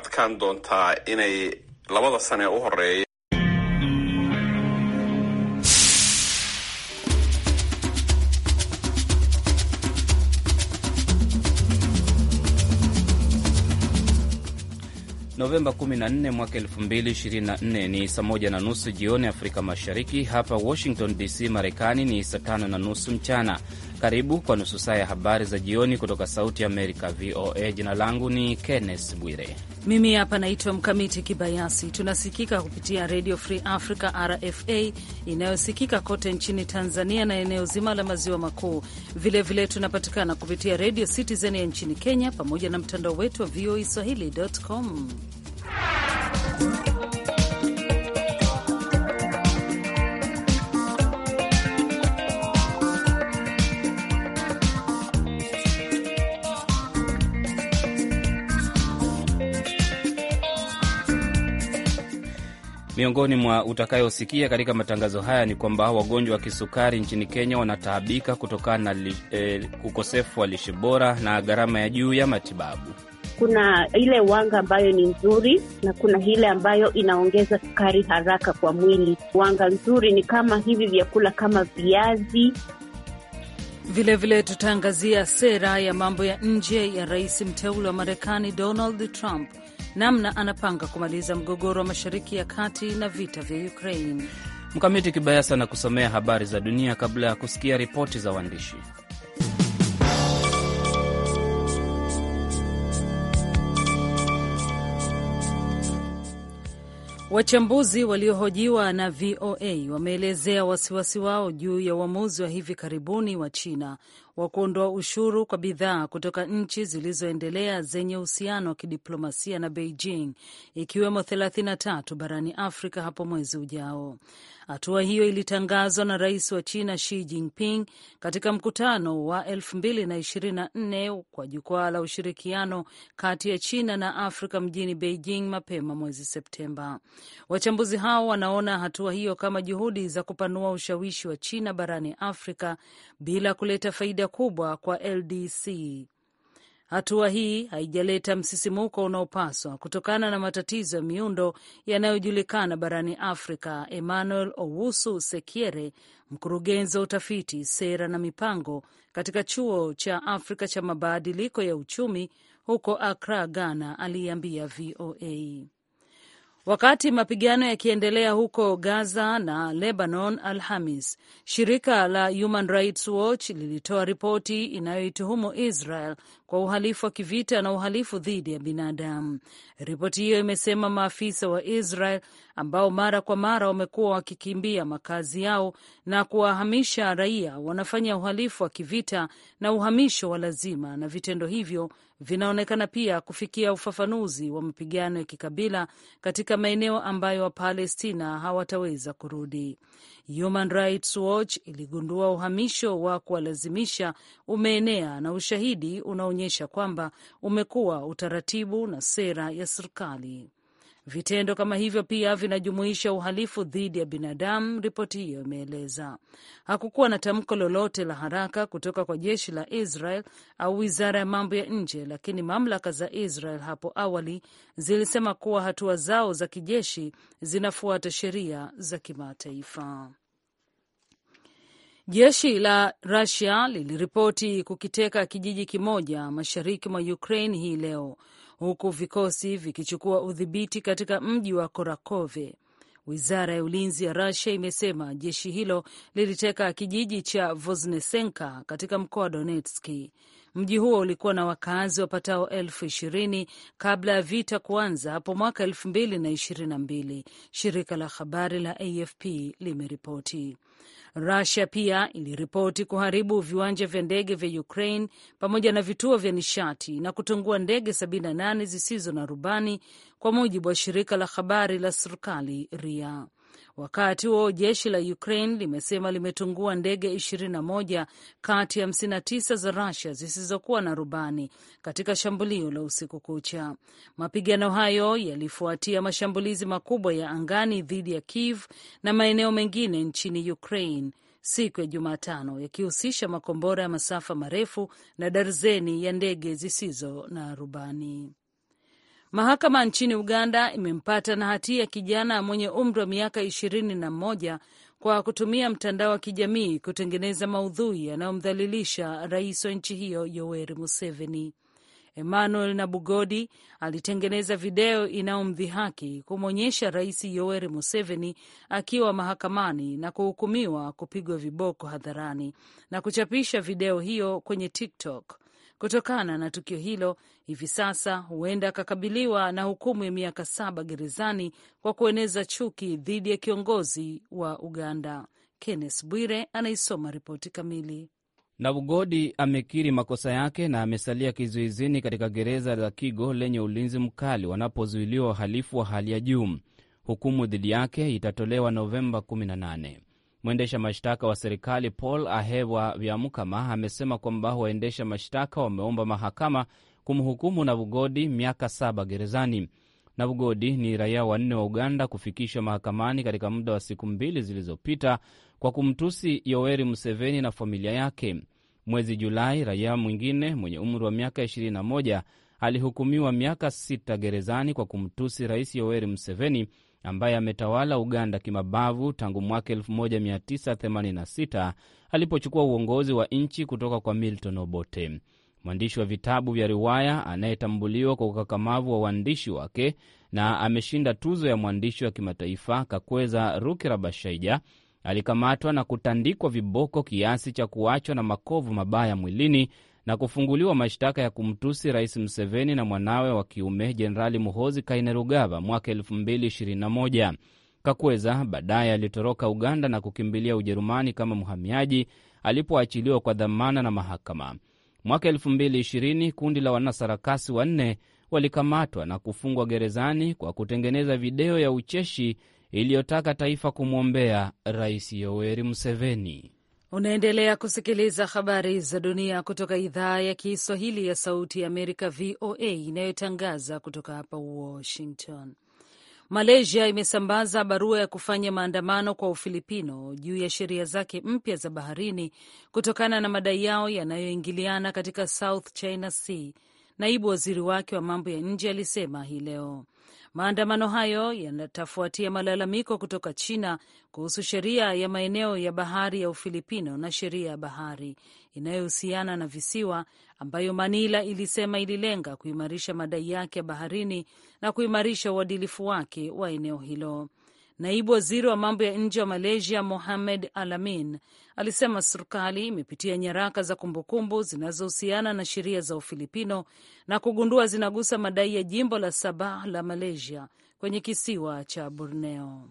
adkaan doontaa inay labada sane u horeeya Novemba 14 mwaka 2024 ni saa moja na nusu jioni Afrika Mashariki. Hapa Washington DC, Marekani ni saa tano na nusu mchana. Karibu kwa nusu saa ya habari za jioni kutoka Sauti Amerika, VOA. Jina langu ni Kenneth Bwire. Mimi hapa naitwa Mkamiti Kibayasi. Tunasikika kupitia Redio Free Africa, RFA, inayosikika kote nchini Tanzania na eneo zima la maziwa makuu. Vilevile tunapatikana kupitia Redio Citizen ya nchini Kenya, pamoja na mtandao wetu wa VOA e swahili.com Miongoni mwa utakayosikia katika matangazo haya ni kwamba wagonjwa wa kisukari nchini Kenya wanataabika kutokana na eh, ukosefu wa lishe bora na gharama ya juu ya matibabu. Kuna ile wanga ambayo ni nzuri na kuna ile ambayo inaongeza sukari haraka kwa mwili. Wanga nzuri ni kama hivi vyakula kama viazi. Vilevile tutaangazia sera ya mambo ya nje ya rais mteule wa Marekani Donald Trump namna anapanga kumaliza mgogoro wa Mashariki ya Kati na vita vya Ukraine. Mkamiti Kibayasi anakusomea habari za dunia kabla ya kusikia ripoti za waandishi. Wachambuzi waliohojiwa na VOA wameelezea wasiwasi wao juu ya uamuzi wa hivi karibuni wa China wa kuondoa ushuru kwa bidhaa kutoka nchi zilizoendelea zenye uhusiano wa kidiplomasia na Beijing, ikiwemo 33 barani Afrika hapo mwezi ujao. Hatua hiyo ilitangazwa na rais wa China Xi Jinping katika mkutano wa 2024 kwa jukwaa la ushirikiano kati ya China na Afrika mjini Beijing mapema mwezi Septemba. Wachambuzi hao wanaona hatua hiyo kama juhudi za kupanua ushawishi wa China barani Afrika bila kuleta faida kubwa kwa LDC. Hatua hii haijaleta msisimuko unaopaswa kutokana na matatizo ya miundo yanayojulikana barani Afrika. Emmanuel Owusu Sekiere, mkurugenzi wa utafiti, sera na mipango katika chuo cha Afrika cha mabadiliko ya uchumi huko Akra, Ghana, aliambia VOA. Wakati mapigano yakiendelea huko Gaza na Lebanon Alhamis, shirika la Human Rights Watch lilitoa ripoti inayoituhumu Israel kwa uhalifu wa kivita na uhalifu dhidi ya binadamu. Ripoti hiyo imesema maafisa wa Israel ambao mara kwa mara wamekuwa wakikimbia makazi yao na kuwahamisha raia wanafanya uhalifu wa kivita na uhamisho wa lazima, na vitendo hivyo vinaonekana pia kufikia ufafanuzi wa mapigano ya kikabila katika maeneo ambayo Wapalestina hawataweza kurudi. Human Rights Watch iligundua uhamisho wa kuwalazimisha umeenea na ushahidi unaonyesha kwamba umekuwa utaratibu na sera ya serikali. Vitendo kama hivyo pia vinajumuisha uhalifu dhidi ya binadamu, ripoti hiyo imeeleza. Hakukuwa na tamko lolote la haraka kutoka kwa jeshi la Israel au wizara ya mambo ya nje, lakini mamlaka za Israel hapo awali zilisema kuwa hatua zao za kijeshi zinafuata sheria za kimataifa. Jeshi la Rusia liliripoti kukiteka kijiji kimoja mashariki mwa Ukraine hii leo huku vikosi vikichukua udhibiti katika mji wa Korakove. Wizara ya ulinzi ya Russia imesema jeshi hilo liliteka kijiji cha Voznesenka katika mkoa wa Donetski. Mji huo ulikuwa na wakazi wapatao elfu ishirini kabla ya vita kuanza hapo mwaka elfu mbili na ishirini na mbili, shirika la habari la AFP limeripoti. Rusia pia iliripoti kuharibu viwanja vya ndege vya Ukraine pamoja na vituo vya nishati na kutungua ndege 78 zisizo na rubani, kwa mujibu wa shirika la habari la serikali RIA. Wakati huo jeshi la Ukraine limesema limetungua ndege 21 kati ya 59 za Rusia zisizokuwa na rubani katika shambulio la usiku kucha. Mapigano hayo yalifuatia mashambulizi makubwa ya angani dhidi ya Kiev na maeneo mengine nchini Ukraine siku ya Jumatano yakihusisha makombora ya masafa marefu na darzeni ya ndege zisizo na rubani. Mahakama nchini Uganda imempata na hatia kijana mwenye umri wa miaka ishirini na mmoja kwa kutumia mtandao wa kijamii kutengeneza maudhui yanayomdhalilisha rais wa nchi hiyo Yoweri Museveni. Emmanuel Nabugodi alitengeneza video inayomdhihaki kumwonyesha Rais Yoweri Museveni akiwa mahakamani na kuhukumiwa kupigwa viboko hadharani na kuchapisha video hiyo kwenye TikTok. Kutokana na tukio hilo, hivi sasa huenda akakabiliwa na hukumu ya miaka saba gerezani kwa kueneza chuki dhidi ya kiongozi wa Uganda. Kenneth Bwire anaisoma ripoti kamili. Naugodi amekiri makosa yake na amesalia kizuizini katika gereza la Kigo lenye ulinzi mkali wanapozuiliwa wahalifu wa hali ya juu. Hukumu dhidi yake itatolewa Novemba 18. Mwendesha mashtaka wa serikali Paul Ahewa Vyamukama amesema kwamba waendesha mashtaka wameomba mahakama kumhukumu vugodi miaka saba gerezani. vugodi ni raia wanne wa Uganda kufikishwa mahakamani katika muda wa siku mbili zilizopita kwa kumtusi Yoweri Museveni na familia yake. Mwezi Julai, raia mwingine mwenye umri wa miaka 21 alihukumiwa miaka sita gerezani kwa kumtusi Rais Yoweri Museveni ambaye ametawala Uganda kimabavu tangu mwaka 1986 alipochukua uongozi wa nchi kutoka kwa Milton Obote. Mwandishi wa vitabu vya riwaya anayetambuliwa kwa ukakamavu wa uandishi wake na ameshinda tuzo ya mwandishi wa kimataifa Kakweza Rukirabashaija alikamatwa na kutandikwa viboko kiasi cha kuachwa na makovu mabaya mwilini na kufunguliwa mashtaka ya kumtusi Rais Museveni na mwanawe wa kiume Jenerali Muhozi Kainerugaba mwaka 2021. Kakweza baadaye alitoroka Uganda na kukimbilia Ujerumani kama mhamiaji alipoachiliwa kwa dhamana na mahakama. Mwaka 2020 kundi la wanasarakasi wanne walikamatwa na kufungwa gerezani kwa kutengeneza video ya ucheshi iliyotaka taifa kumwombea Rais Yoweri Museveni. Unaendelea kusikiliza habari za dunia kutoka idhaa ya Kiswahili ya Sauti ya Amerika, VOA, inayotangaza kutoka hapa Washington. Malaysia imesambaza barua ya kufanya maandamano kwa Ufilipino juu ya sheria zake mpya za baharini kutokana na madai yao yanayoingiliana katika South China Sea naibu waziri wake wa mambo ya nje alisema hii leo. Maandamano hayo yanatafuatia malalamiko kutoka China kuhusu sheria ya maeneo ya bahari ya Ufilipino na sheria ya bahari inayohusiana na visiwa ambayo Manila ilisema ililenga kuimarisha madai yake ya baharini na kuimarisha uadilifu wake wa eneo hilo. Naibu waziri wa mambo ya nje wa Malaysia Mohamed Alamin alisema serikali imepitia nyaraka za kumbukumbu zinazohusiana na sheria za Ufilipino na kugundua zinagusa madai ya jimbo la Sabah la Malaysia kwenye kisiwa cha Borneo.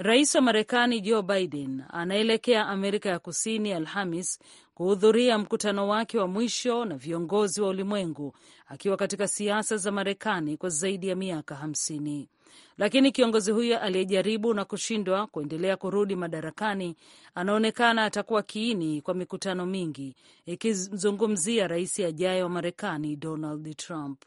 Rais wa Marekani Joe Biden anaelekea Amerika ya Kusini Alhamis kuhudhuria mkutano wake wa mwisho na viongozi wa ulimwengu akiwa katika siasa za Marekani kwa zaidi ya miaka hamsini. Lakini kiongozi huyo aliyejaribu na kushindwa kuendelea kurudi madarakani anaonekana atakuwa kiini kwa mikutano mingi ikizungumzia rais ajaye wa Marekani Donald Trump.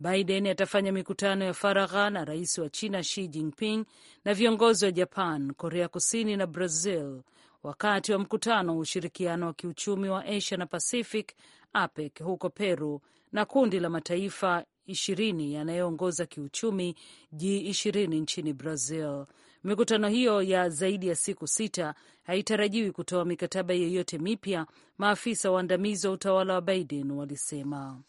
Biden atafanya mikutano ya faragha na rais wa China Xi Jinping na viongozi wa Japan, Korea Kusini na Brazil wakati wa mkutano wa ushirikiano wa kiuchumi wa Asia na Pacific, APEC, huko Peru na kundi la mataifa ishirini yanayoongoza kiuchumi g ishirini nchini Brazil. Mikutano hiyo ya zaidi ya siku sita haitarajiwi kutoa mikataba yeyote mipya, maafisa waandamizi wa utawala wa Biden walisema.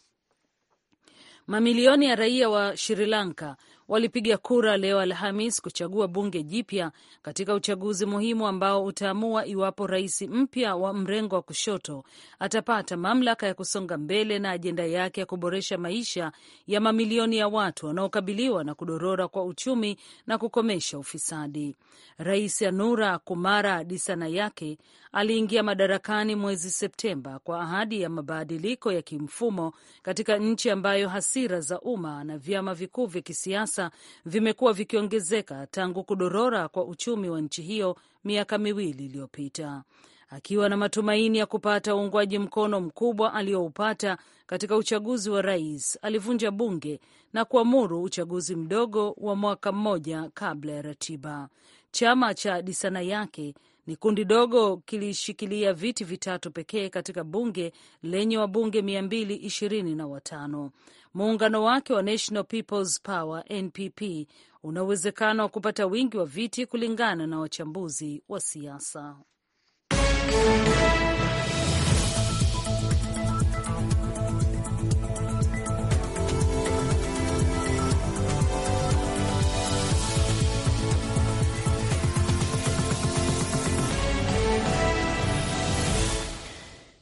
Mamilioni ya raia wa Sri Lanka walipiga kura leo Alhamis kuchagua bunge jipya katika uchaguzi muhimu ambao utaamua iwapo rais mpya wa mrengo wa kushoto atapata mamlaka ya kusonga mbele na ajenda yake ya kuboresha maisha ya mamilioni ya watu wanaokabiliwa na kudorora kwa uchumi na kukomesha ufisadi. Rais Anura Kumara yake aliingia madarakani mwezi Septemba kwa ahadi ya mabadiliko ya kimfumo katika nchi ambayo hasira za umma na vyama vikuu vya kisiasa sasa vimekuwa vikiongezeka tangu kudorora kwa uchumi wa nchi hiyo miaka miwili iliyopita. Akiwa na matumaini ya kupata uungwaji mkono mkubwa aliyoupata katika uchaguzi wa rais, alivunja bunge na kuamuru uchaguzi mdogo wa mwaka mmoja kabla ya ratiba. Chama cha disana yake ni kundi dogo kilishikilia viti vitatu pekee katika bunge lenye wabunge mia mbili ishirini na watano muungano wake wa National People's Power NPP una uwezekano wa kupata wingi wa viti kulingana na wachambuzi wa siasa.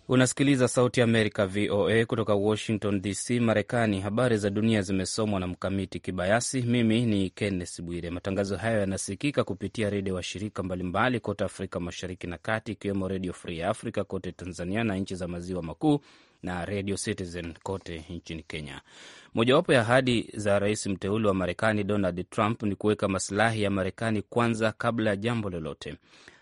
Unasikiliza Sauti Amerika, VOA, kutoka Washington DC, Marekani. Habari za dunia zimesomwa na Mkamiti Kibayasi. Mimi ni Kenneth Bwire. Matangazo hayo yanasikika kupitia redio wa shirika mbalimbali kote Afrika Mashariki na Kati, ikiwemo Redio Free Africa kote Tanzania na nchi za Maziwa Makuu na Radio Citizen kote nchini Kenya. Mojawapo ya ahadi za rais mteule wa Marekani Donald Trump ni kuweka masilahi ya Marekani kwanza kabla ya jambo lolote.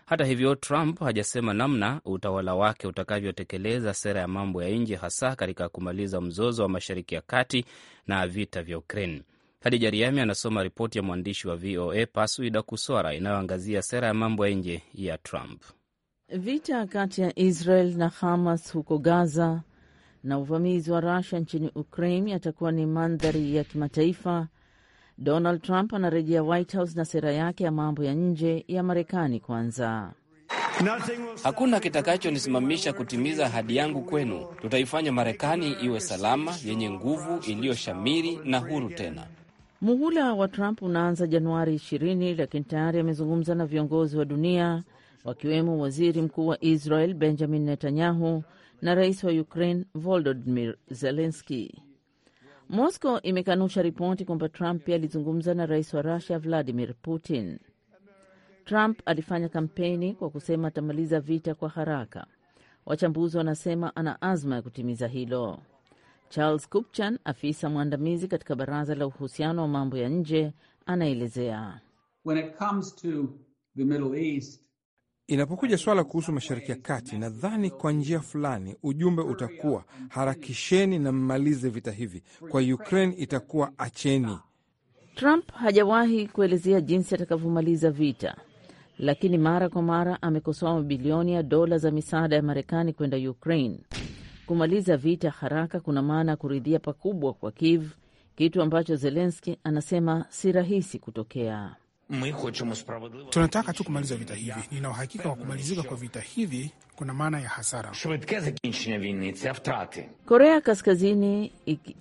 Hata hivyo, Trump hajasema namna utawala wake utakavyotekeleza sera ya mambo ya nje, hasa katika kumaliza mzozo wa Mashariki ya Kati na vita vya Ukraine. Hadija Riami anasoma ripoti ya mwandishi wa VOA Paswida Kuswara inayoangazia sera ya mambo ya nje ya Trump. Vita kati ya Israel na Hamas huko Gaza na uvamizi wa Russia nchini Ukraine yatakuwa ni mandhari ya kimataifa Donald Trump anarejea White House na sera yake ya mambo ya nje ya Marekani kwanza. Hakuna kitakachonisimamisha kutimiza ahadi yangu kwenu. Tutaifanya Marekani iwe salama, yenye nguvu, iliyoshamiri na huru tena. Muhula wa Trump unaanza Januari 20, lakini tayari amezungumza na viongozi wa dunia wakiwemo waziri mkuu wa Israel Benjamin Netanyahu na rais wa Ukraine Volodymyr Zelensky. Moscow imekanusha ripoti kwamba Trump pia alizungumza na rais wa Rusia Vladimir Putin. Trump alifanya kampeni kwa kusema atamaliza vita kwa haraka. Wachambuzi wanasema ana azma ya kutimiza hilo. Charles Kupchan, afisa mwandamizi katika baraza la uhusiano wa mambo ya nje, anaelezea. When it comes to the Middle East, Inapokuja swala kuhusu Mashariki ya Kati, nadhani kwa njia fulani ujumbe utakuwa harakisheni na mmalize vita hivi, kwa Ukraine itakuwa acheni. Trump hajawahi kuelezea jinsi atakavyomaliza vita, lakini mara kwa mara amekosoa mabilioni ya dola za misaada ya Marekani kwenda Ukraine. Kumaliza vita haraka kuna maana ya kuridhia pakubwa kwa Kiev, kitu ambacho Zelenski anasema si rahisi kutokea. Tunataka tu kumaliza vita hivi. Nina uhakika wa kumalizika kwa vita hivi kuna maana ya hasara. Korea Kaskazini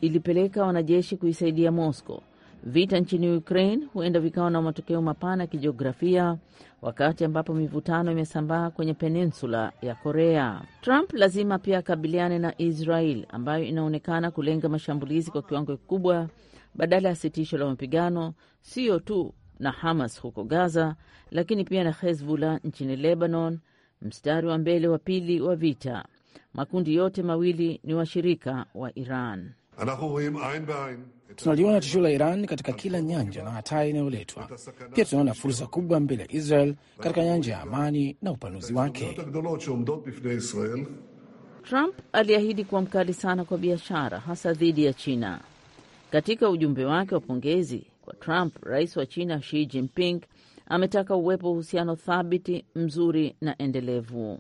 ilipeleka wanajeshi kuisaidia mosco Vita nchini Ukraine huenda vikawa na matokeo mapana ya kijiografia, wakati ambapo mivutano imesambaa kwenye peninsula ya Korea. Trump lazima pia akabiliane na Israel ambayo inaonekana kulenga mashambulizi kwa kiwango kikubwa badala ya sitisho la mapigano, siyo tu na Hamas huko Gaza, lakini pia na Hezbollah nchini Lebanon, mstari wa mbele wa pili wa vita. Makundi yote mawili ni washirika wa Iran. Tunaliona tishio la Iran katika kila nyanja na hatari inayoletwa. Pia tunaona fursa kubwa mbele ya Israel katika nyanja ya amani na upanuzi wake. Trump aliahidi kuwa mkali sana kwa biashara, hasa dhidi ya China. Katika ujumbe wake wa pongezi kwa Trump, rais wa China Xi Jinping ametaka uwepo uhusiano thabiti, mzuri na endelevu.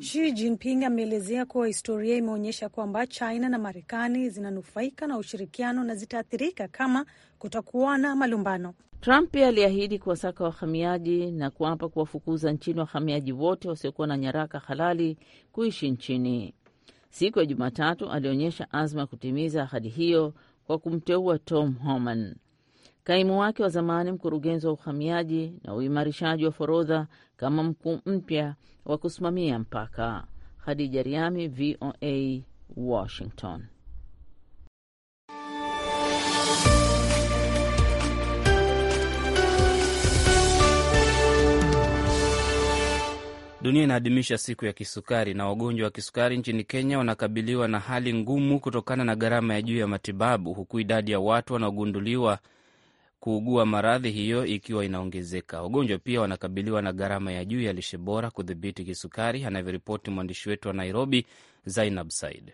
Xi Jinping ameelezea kuwa historia imeonyesha kwamba China na Marekani zinanufaika na ushirikiano na zitaathirika kama kutakuwa na malumbano. Trump pia aliahidi kuwasaka wahamiaji na kuapa kuwafukuza nchini wahamiaji wote wasiokuwa na nyaraka halali kuishi nchini. Siku ya Jumatatu alionyesha azma ya kutimiza ahadi hiyo kwa kumteua Tom Homan kaimu wake wa zamani mkurugenzi wa uhamiaji na uimarishaji wa forodha kama mkuu mpya wa kusimamia mpaka. Khadija Riami, VOA, Washington. Dunia inaadhimisha siku ya kisukari na wagonjwa wa kisukari nchini Kenya wanakabiliwa na hali ngumu kutokana na gharama ya juu ya matibabu, huku idadi ya watu wanaogunduliwa kuugua maradhi hiyo ikiwa inaongezeka. Wagonjwa pia wanakabiliwa na gharama ya juu ya lishe bora kudhibiti kisukari, anavyoripoti mwandishi wetu wa Nairobi, Zainab Said.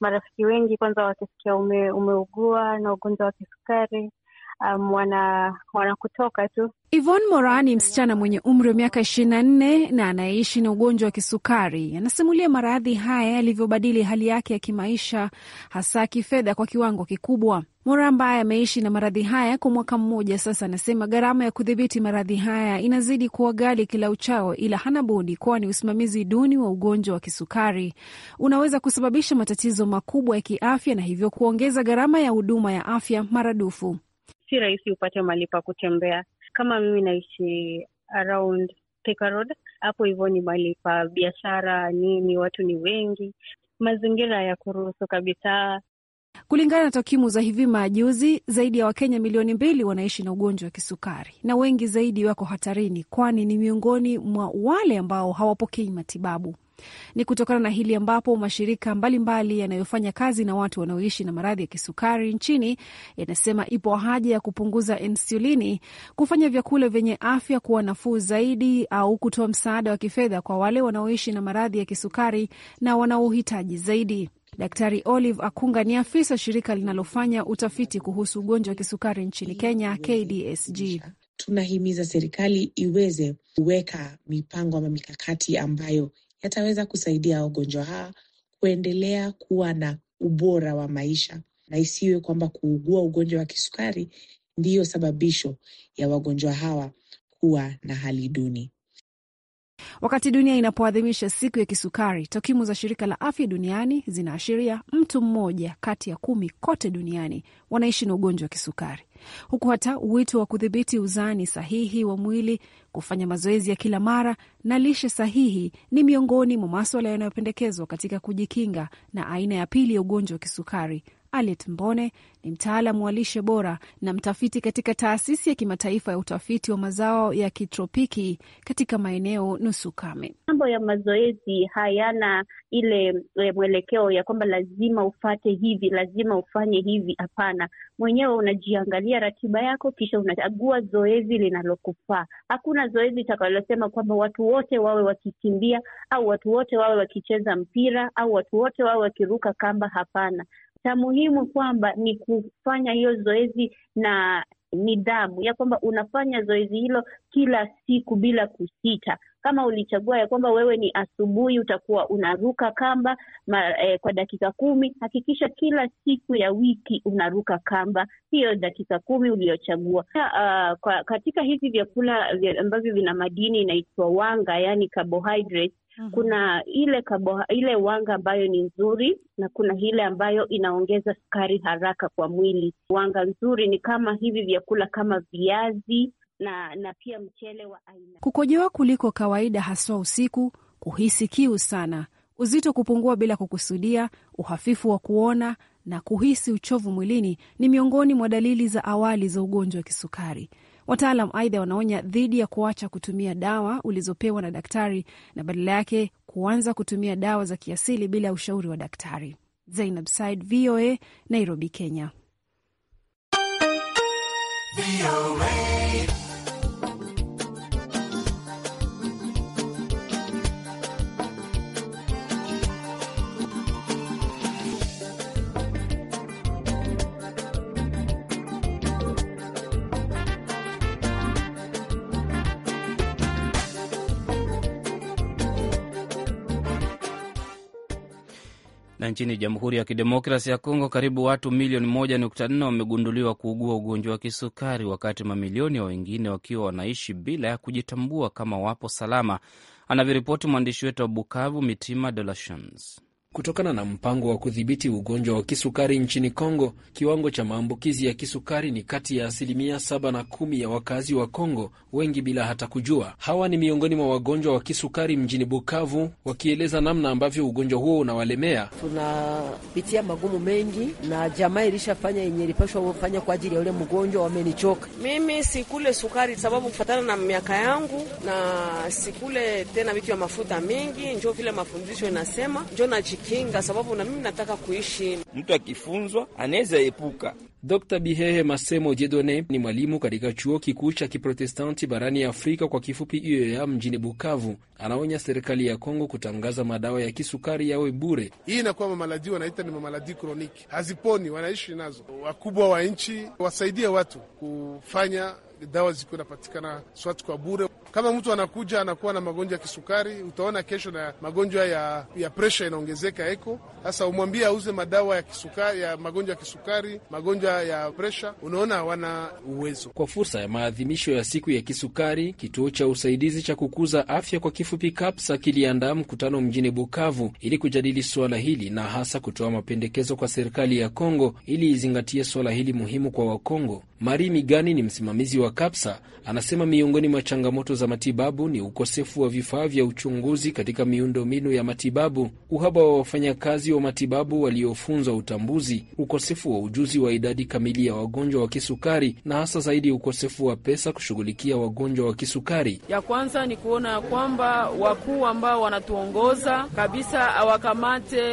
Marafiki wengi kwanza wakisikia ume, umeugua na ugonjwa wa kisukari um, wana wanakutoka tu. Yvonne Moraa ni msichana mwenye umri wa miaka ishirini na nne na anayeishi na ugonjwa wa kisukari. Anasimulia maradhi haya yalivyobadili hali yake ya kimaisha, hasa kifedha, kwa kiwango kikubwa. mora ambaye ameishi na maradhi haya kwa mwaka mmoja sasa, anasema gharama ya kudhibiti maradhi haya inazidi kuwa ghali kila uchao, ila hana budi, kwani usimamizi duni wa ugonjwa wa kisukari unaweza kusababisha matatizo makubwa ya kiafya na hivyo kuongeza gharama ya huduma ya afya maradufu si rahisi upate mali pa kutembea. Kama mimi naishi around Thika Road, hapo hivyo ni mali pa biashara nini, watu ni wengi, mazingira ya kuruhusu kabisa. Kulingana na takwimu za hivi majuzi, zaidi ya Wakenya milioni mbili wanaishi na ugonjwa wa kisukari na wengi zaidi wako hatarini, kwani ni miongoni mwa wale ambao hawapokei matibabu. Ni kutokana na hili ambapo mashirika mbalimbali yanayofanya kazi na watu wanaoishi na maradhi ya kisukari nchini yanasema ipo haja ya kupunguza insulini, kufanya vyakula vyenye afya kuwa nafuu zaidi, au kutoa msaada wa kifedha kwa wale wanaoishi na maradhi ya kisukari na wanaohitaji zaidi. Daktari Olive Akunga ni afisa shirika linalofanya utafiti kuhusu ugonjwa wa kisukari nchini Kenya, KDSG. Tunahimiza serikali iweze kuweka mipango ama mikakati ambayo yataweza kusaidia wagonjwa hawa kuendelea kuwa na ubora wa maisha na isiwe kwamba kuugua ugonjwa wa kisukari ndiyo sababisho ya wagonjwa hawa kuwa na hali duni. Wakati dunia inapoadhimisha siku ya kisukari, takwimu za shirika la afya duniani zinaashiria mtu mmoja kati ya kumi kote duniani wanaishi na ugonjwa wa kisukari huku hata wito wa kudhibiti uzani sahihi wa mwili, kufanya mazoezi ya kila mara na lishe sahihi ni miongoni mwa maswala yanayopendekezwa katika kujikinga na aina ya pili ya ugonjwa wa kisukari Alet Mbone ni mtaalamu wa lishe bora na mtafiti katika taasisi ya kimataifa ya utafiti wa mazao ya kitropiki katika maeneo nusu kame. Mambo ya mazoezi hayana ile eh, mwelekeo ya kwamba lazima ufate hivi, lazima ufanye hivi. Hapana, mwenyewe unajiangalia ratiba yako, kisha unachagua zoezi linalokufaa. Hakuna zoezi itakalosema kwamba watu wote wawe wakikimbia au watu wote wawe wakicheza mpira au watu wote wawe wakiruka kamba. Hapana, cha muhimu kwamba ni kufanya hiyo zoezi na nidhamu ya kwamba unafanya zoezi hilo kila siku bila kusita kama ulichagua ya kwamba wewe ni asubuhi utakuwa unaruka kamba ma, eh, kwa dakika kumi, hakikisha kila siku ya wiki unaruka kamba hiyo dakika kumi uliyochagua. Uh, ah, katika hivi vyakula ambavyo vina madini inaitwa wanga, yani carbohydrates Uhum. Kuna ile kabo, ile wanga ambayo ni nzuri na kuna ile ambayo inaongeza sukari haraka kwa mwili. Wanga nzuri ni kama hivi vyakula kama viazi, na, na pia mchele wa aina. Kukojoa kuliko kawaida, haswa usiku, kuhisi kiu sana, uzito kupungua bila kukusudia, uhafifu wa kuona na kuhisi uchovu mwilini ni miongoni mwa dalili za awali za ugonjwa wa kisukari. Wataalam aidha wanaonya dhidi ya kuacha kutumia dawa ulizopewa na daktari na badala yake kuanza kutumia dawa za kiasili bila ushauri wa daktari. Zainab Said, VOA, Nairobi, Kenya. VOA. Na nchini Jamhuri ya Kidemokrasi ya Kongo, karibu watu milioni 1.4 wamegunduliwa kuugua ugonjwa wa kisukari, wakati mamilioni ya wengine wakiwa wanaishi bila ya kujitambua kama wapo salama, anavyoripoti mwandishi wetu wa Bukavu, Mitima De La Chance kutokana na mpango wa kudhibiti ugonjwa wa kisukari nchini Kongo. Kiwango cha maambukizi ya kisukari ni kati ya asilimia saba na kumi ya wakazi wa Kongo, wengi bila hata kujua. Hawa ni miongoni mwa wagonjwa wa kisukari mjini Bukavu, wakieleza namna ambavyo ugonjwa huo unawalemea. Tunapitia magumu mengi, na jamaa ilishafanya yenye ilipashwa fanya kwa ajili ya ule mgonjwa, wamenichoka mimi. Sikule sukari sababu kufatana na miaka yangu, na sikule tena vitu vya mafuta mengi, njo vile mafundisho inasema njo na kujikinga, sababu na mimi nataka kuishi. Mtu akifunzwa anaweza epuka. Dr. Bihehe Masemo Jedone ni mwalimu katika chuo kikuu cha Kiprotestanti barani ya Afrika kwa kifupi UEA mjini Bukavu. Anaonya serikali ya Kongo kutangaza madawa ya kisukari yawe bure. Hii inakuwa mamaladi wanaita ni mamaladi kroniki, haziponi, wanaishi nazo. Wakubwa wa nchi wasaidie watu kufanya dawa zikuwe napatikana swati kwa bure. Kama mtu anakuja anakuwa na magonjwa ya kisukari, utaona kesho na magonjwa ya, ya presha inaongezeka eko. Sasa umwambie auze madawa ya kisukari, ya magonjwa ya kisukari, magonjwa ya presha, unaona hawana uwezo. Kwa fursa ya maadhimisho ya siku ya kisukari, kituo cha usaidizi cha kukuza afya kwa kifupi KAPSA kiliandaa mkutano mjini Bukavu ili kujadili suala hili na hasa kutoa mapendekezo kwa serikali ya Kongo ili izingatie suala hili muhimu kwa Wakongo. Mari Migani ni msimamizi wa KAPSA, anasema miongoni mwa changamoto za za matibabu ni ukosefu wa vifaa vya uchunguzi katika miundombinu ya matibabu, uhaba wa wafanyakazi wa matibabu waliofunzwa utambuzi, ukosefu wa ujuzi wa idadi kamili ya wagonjwa wa kisukari, na hasa zaidi ukosefu wa pesa kushughulikia wagonjwa wa kisukari. Ya kwanza ni kuona kwamba wakuu ambao wanatuongoza kabisa hawakamate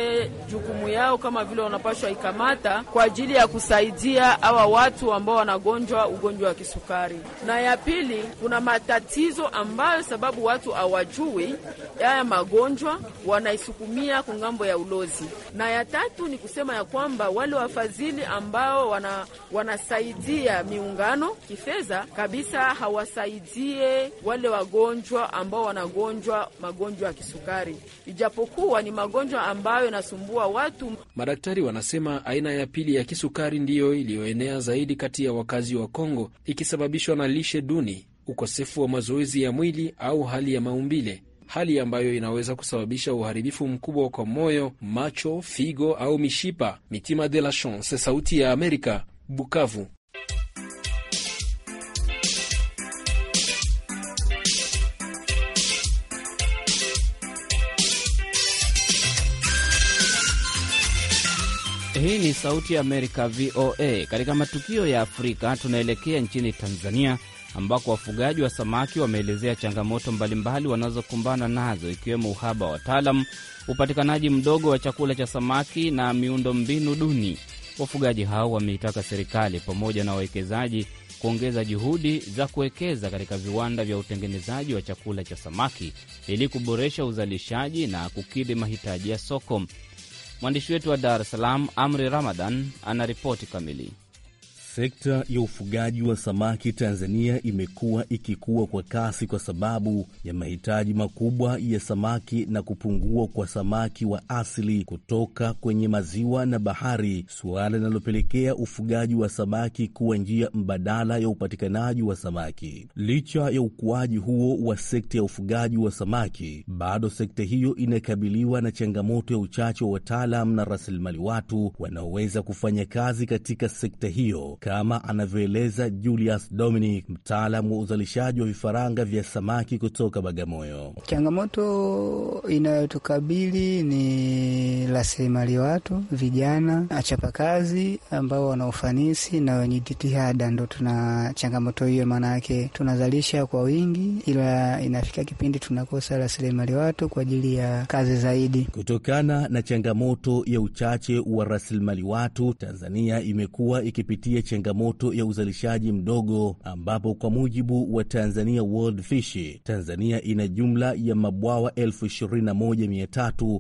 jukumu yao kama vile wanapashwa ikamata kwa ajili ya kusaidia hawa watu ambao wanagonjwa ugonjwa wa kisukari, na ya pili kuna matatizo matatizo ambayo sababu watu hawajui haya magonjwa wanaisukumia kungambo ya ulozi. Na ya tatu ni kusema ya kwamba wale wafadhili ambao wana, wanasaidia miungano kifedha kabisa hawasaidie wale wagonjwa ambao wanagonjwa magonjwa ya kisukari, ijapokuwa ni magonjwa ambayo yanasumbua watu. Madaktari wanasema aina ya pili ya kisukari ndiyo iliyoenea zaidi kati ya wakazi wa Kongo, ikisababishwa na lishe duni ukosefu wa mazoezi ya mwili au hali ya maumbile, hali ambayo inaweza kusababisha uharibifu mkubwa kwa moyo, macho, figo au mishipa. Mitima de la Chance, Sauti ya Amerika, Bukavu. Hii ni Sauti ya Amerika, VOA. Katika matukio ya Afrika, tunaelekea nchini Tanzania ambako wafugaji wa samaki wameelezea changamoto mbalimbali wanazokumbana nazo ikiwemo uhaba wa wataalam, upatikanaji mdogo wa chakula cha samaki na miundo mbinu duni. Wafugaji hao wameitaka serikali pamoja na wawekezaji kuongeza juhudi za kuwekeza katika viwanda vya utengenezaji wa chakula cha samaki ili kuboresha uzalishaji na kukidhi mahitaji ya soko. Mwandishi wetu wa Dar es Salaam, Amri ramadan ana ripoti kamili. Sekta ya ufugaji wa samaki Tanzania imekuwa ikikua kwa kasi kwa sababu ya mahitaji makubwa ya samaki na kupungua kwa samaki wa asili kutoka kwenye maziwa na bahari, suala linalopelekea ufugaji wa samaki kuwa njia mbadala ya upatikanaji wa samaki. Licha ya ukuaji huo wa sekta ya ufugaji wa samaki, bado sekta hiyo inakabiliwa na changamoto ya uchache wa wataalam na rasilimali watu wanaoweza kufanya kazi katika sekta hiyo kama anavyoeleza Julius Dominic, mtaalam wa uzalishaji wa vifaranga vya samaki kutoka Bagamoyo. Changamoto inayotukabili ni rasilimali watu, vijana achapakazi, ambao wana ufanisi na wenye jitihada, ndo tuna changamoto hiyo. Maana yake tunazalisha kwa wingi, ila inafika kipindi tunakosa rasilimali watu kwa ajili ya kazi zaidi. Kutokana na changamoto ya uchache wa rasilimali watu, Tanzania imekuwa ikipitia changamoto ya uzalishaji mdogo, ambapo kwa mujibu wa Tanzania World Fish, Tanzania ina jumla ya mabwawa elfu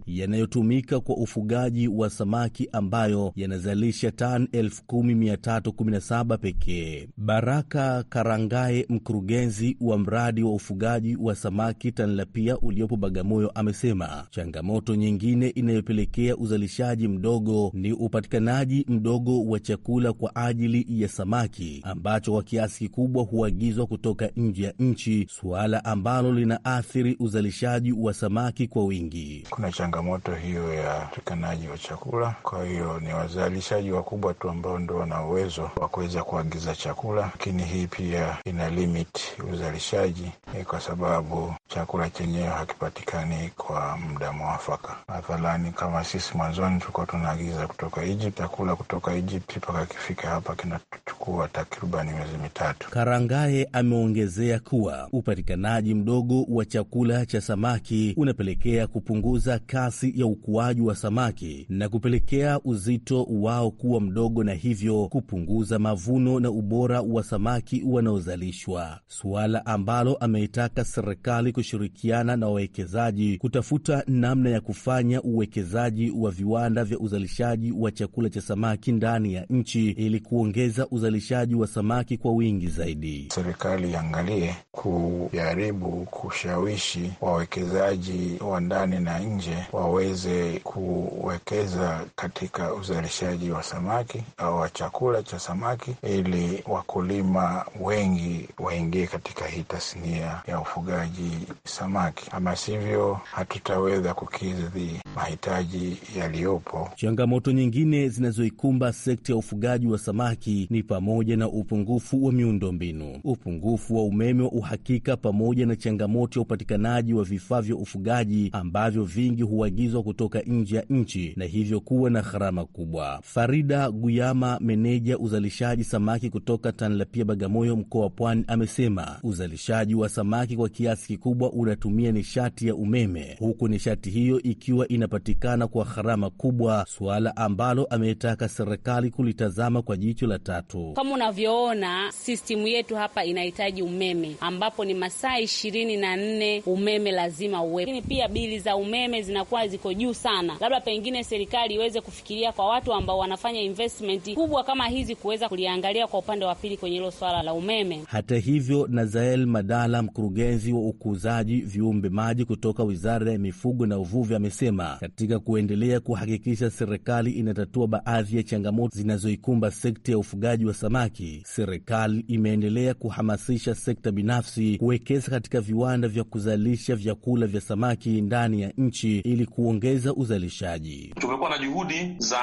yanayotumika kwa ufugaji wa samaki ambayo yanazalisha tani 1317 pekee. Baraka Karangae, mkurugenzi wa mradi wa ufugaji wa samaki tanlapia uliopo Bagamoyo, amesema changamoto nyingine inayopelekea uzalishaji mdogo ni upatikanaji mdogo wa chakula kwa ajili ya samaki ambacho kwa kiasi kikubwa huagizwa kutoka nje ya nchi, suala ambalo linaathiri uzalishaji wa samaki kwa wingi. Kuna changamoto hiyo ya upatikanaji wa chakula, kwa hiyo ni wazalishaji wakubwa tu ambao ndo wana uwezo wa kuweza kuagiza chakula, lakini hii pia ina limit uzalishaji eh, kwa sababu chakula chenyewe hakipatikani kwa muda mwafaka. Mathalani, kama sisi mwanzoni tulikuwa tunaagiza kutoka Egypt, chakula kutoka Egypt mpaka kifika hapa kinachukua takribani miezi mitatu. Karangae ameongezea kuwa upatikanaji mdogo wa chakula cha samaki unapelekea kupunguza kasi ya ukuaji wa samaki na kupelekea uzito wao kuwa mdogo na hivyo kupunguza mavuno na ubora wa samaki wanaozalishwa, suala ambalo ameitaka serikali kushirikiana na wawekezaji kutafuta namna ya kufanya uwekezaji wa viwanda vya uzalishaji wa chakula cha samaki ndani ya nchi ili kuongeza uzalishaji wa samaki kwa wingi zaidi. Serikali iangalie kujaribu kushawishi wawekezaji wa ndani na nje waweze kuwekeza katika uzalishaji wa samaki au wa chakula cha samaki ili wakulima wengi waingie katika hii tasnia ya ufugaji samaki, ama sivyo hatutaweza kukidhi mahitaji yaliyopo. Changamoto nyingine zinazoikumba sekta ya ufugaji wa samaki ni pamoja na upungufu wa miundombinu, upungufu wa umeme wa uhakika, pamoja na changamoto ya upatikanaji wa vifaa vya ufugaji ambavyo vingi huagizwa kutoka nje ya nchi na hivyo kuwa na gharama kubwa. Farida Guyama, meneja uzalishaji samaki kutoka Tanlapia Bagamoyo, mkoa wa Pwani, amesema uzalishaji wa samaki kwa kiasi kikubwa mkubwa unatumia nishati ya umeme, huku nishati hiyo ikiwa inapatikana kwa gharama kubwa, suala ambalo ametaka serikali kulitazama kwa jicho la tatu. Kama unavyoona sistimu yetu hapa inahitaji umeme, ambapo ni masaa ishirini na nne umeme lazima uwepo, lakini pia bili za umeme zinakuwa ziko juu sana. Labda pengine serikali iweze kufikiria kwa watu ambao wanafanya investment kubwa kama hizi kuweza kuliangalia kwa upande wa pili kwenye hilo swala la umeme. Hata hivyo, Nazael Madala, mkurugenzi wa ukuzi uwekezaji viumbe maji kutoka Wizara ya Mifugo na Uvuvi amesema katika kuendelea kuhakikisha serikali inatatua baadhi ya changamoto zinazoikumba sekta ya ufugaji wa samaki, serikali imeendelea kuhamasisha sekta binafsi kuwekeza katika viwanda vya kuzalisha vyakula vya samaki ndani ya nchi ili kuongeza uzalishaji. Tumekuwa na juhudi za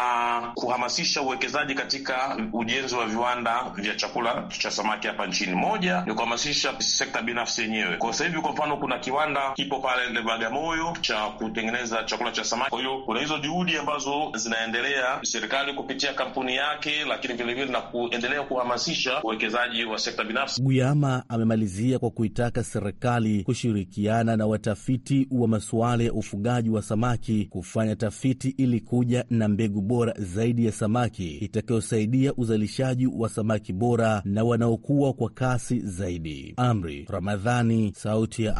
kuhamasisha uwekezaji katika ujenzi wa viwanda vya chakula cha samaki hapa nchini. Moja ni kuhamasisha sekta binafsi yenyewe. Kwa sasa hivi, kwa mfano mfano kuna kiwanda kipo pale Bagamoyo cha kutengeneza chakula cha samaki. Kwa hiyo kuna hizo juhudi ambazo zinaendelea serikali kupitia kampuni yake, lakini vilevile na kuendelea kuhamasisha uwekezaji wa sekta binafsi. Guyama amemalizia kwa kuitaka serikali kushirikiana na watafiti wa masuala ya ufugaji wa samaki kufanya tafiti ili kuja na mbegu bora zaidi ya samaki itakayosaidia uzalishaji wa samaki bora na wanaokuwa kwa kasi zaidi. Amri Ramadhani, Sauti ya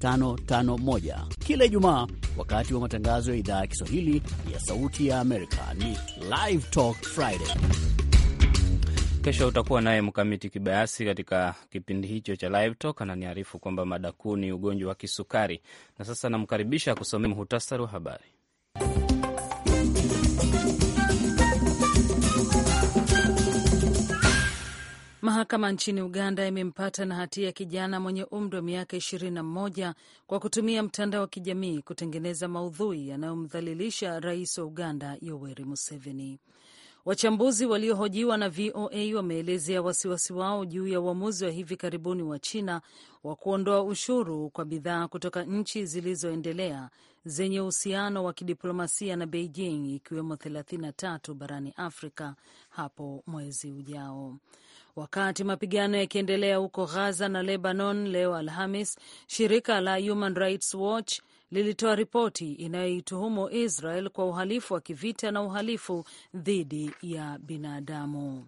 551 kila Ijumaa wakati wa matangazo ya idhaa ya Kiswahili ya Sauti ya Amerika. Ni Live Talk Friday. Kesho utakuwa naye Mkamiti Kibayasi katika kipindi hicho cha Live Talk. Ananiarifu kwamba mada kuu ni ugonjwa wa kisukari, na sasa namkaribisha kusomea muhtasari wa habari. Mahakama nchini Uganda imempata na hatia ya kijana mwenye umri wa miaka 21 kwa kutumia mtandao wa kijamii kutengeneza maudhui yanayomdhalilisha rais wa Uganda Yoweri Museveni. Wachambuzi waliohojiwa na VOA wameelezea wasiwasi wao juu ya uamuzi wa hivi karibuni wa China wa kuondoa ushuru kwa bidhaa kutoka nchi zilizoendelea zenye uhusiano wa kidiplomasia na Beijing, ikiwemo 33 barani Afrika hapo mwezi ujao. Wakati mapigano yakiendelea huko Gaza na Lebanon leo Alhamis, shirika la Human Rights Watch lilitoa ripoti inayoituhumu Israel kwa uhalifu wa kivita na uhalifu dhidi ya binadamu.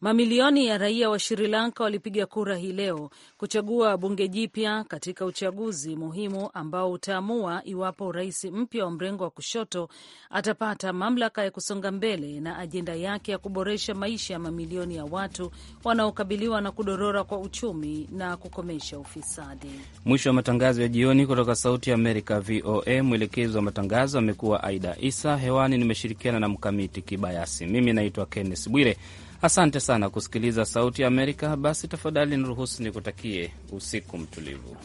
Mamilioni ya raia wa Sri Lanka walipiga kura hii leo kuchagua bunge jipya katika uchaguzi muhimu ambao utaamua iwapo rais mpya wa mrengo wa kushoto atapata mamlaka ya kusonga mbele na ajenda yake ya kuboresha maisha ya mamilioni ya watu wanaokabiliwa na kudorora kwa uchumi na kukomesha ufisadi. Mwisho wa matangazo ya jioni kutoka Sauti ya Amerika, VOA. Mwelekezi wa matangazo amekuwa Aida Isa. Hewani nimeshirikiana na Mkamiti Kibayasi. Mimi naitwa Kenneth Bwire. Asante sana kusikiliza Sauti ya Amerika. Basi tafadhali niruhusu nikutakie usiku mtulivu.